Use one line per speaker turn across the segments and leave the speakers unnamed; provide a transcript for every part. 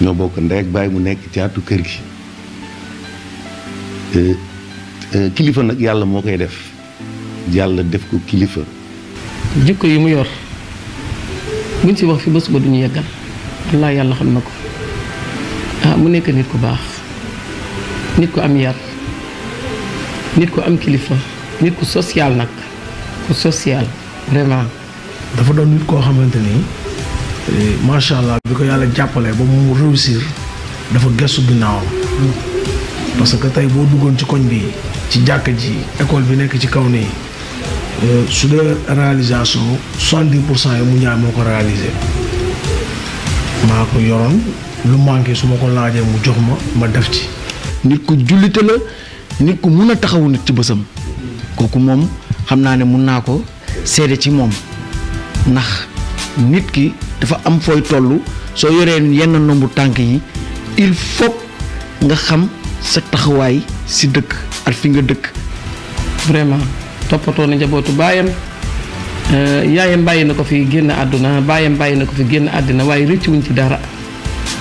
ñoo bokk ndey ak baay mu nekk caatu kër gi kilifa nag yàlla moo koy def yàlla def ko kilifa
jikko yi mu yor buñ ci wax fi ba suba duñu yeggal wallaahi yàlla xam na ko ah mu nekk nit ku baax nit ku am yar nit ku am kilifa nit ku social nag ku social vraiment
dafa doon nit koo xamante ni macha allah bi ko yàlla jàppalee ba mu réussir dafa gëstu ginnaawam parce que tey boo duggoon ci koñ bi ci jàkk ji école bi nekk ci kaw nii euh, su dee réalisation soixante-dix pour cent yi mu ñaar moo ko réalisé maa ko yoroon lu manqué su ma ko laajee mu jox ma ma def ci. nit ku jullite la nit ku mun a taxawu nit ci bësam kooku moom xam naa ne mun naa ko seede ci moom ndax. nit ki dafa am fooy toll soo yoree yenn nombu tànk yi
il faut nga xam sa taxawaay si dëkk ak fi nga dëkk. vraiment toppatoo na njabootu baayam euh, yaayam bàyyi na ko fi génn àdduna baayam bàyyi na ko fi génn àdduna waaye rëccuwuñ ci dara.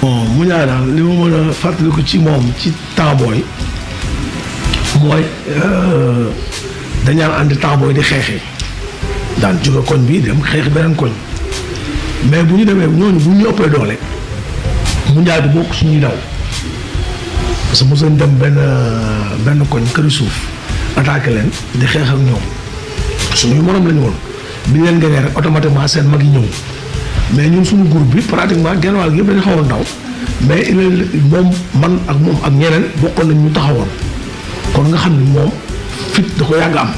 bon mu
ñaar daal li ma mën a fàttaliku ci moom ci taabooy mooy euh, dañaan ànd taabooy di xeexi daan jóge koñ bi dem xeex beneen koñ. mais bu ñu demee ñooñu bu ñu ëppee doole mundial bi bokk suñuy daw parce que mosoon dem benn benn koñ këri suuf attaqué leen di xeex ak ñoom suñuy morom lañu woon bi leen gagné rek automatiquement seen mag yi ñëw mais ñun suñu group bi pratiquement genn wàll gi yëpp dañu xawoon daw mais il moom man ak moom ak ñeneen bokkoon nañ ñu taxawoon kon nga xam ni moom fit da ko yàgg am.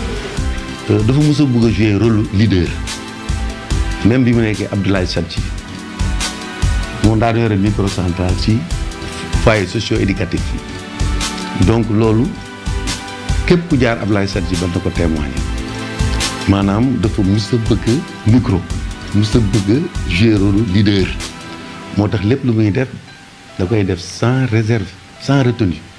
Euh, dafa mos a bëgg a jouer rôle leader. même bi mu nekkee Abdoulaye Sadji moom daa doon yore microcentral ci foyer socio-éducatif yi donc loolu képp ku jaar Abdoulaye Sadji ban na ko témoigner maanaam dafa mës a bëgg micro mës a bëgg jouer rôle leader moo tax lépp lu muy def da koy def sans réserve sans retenue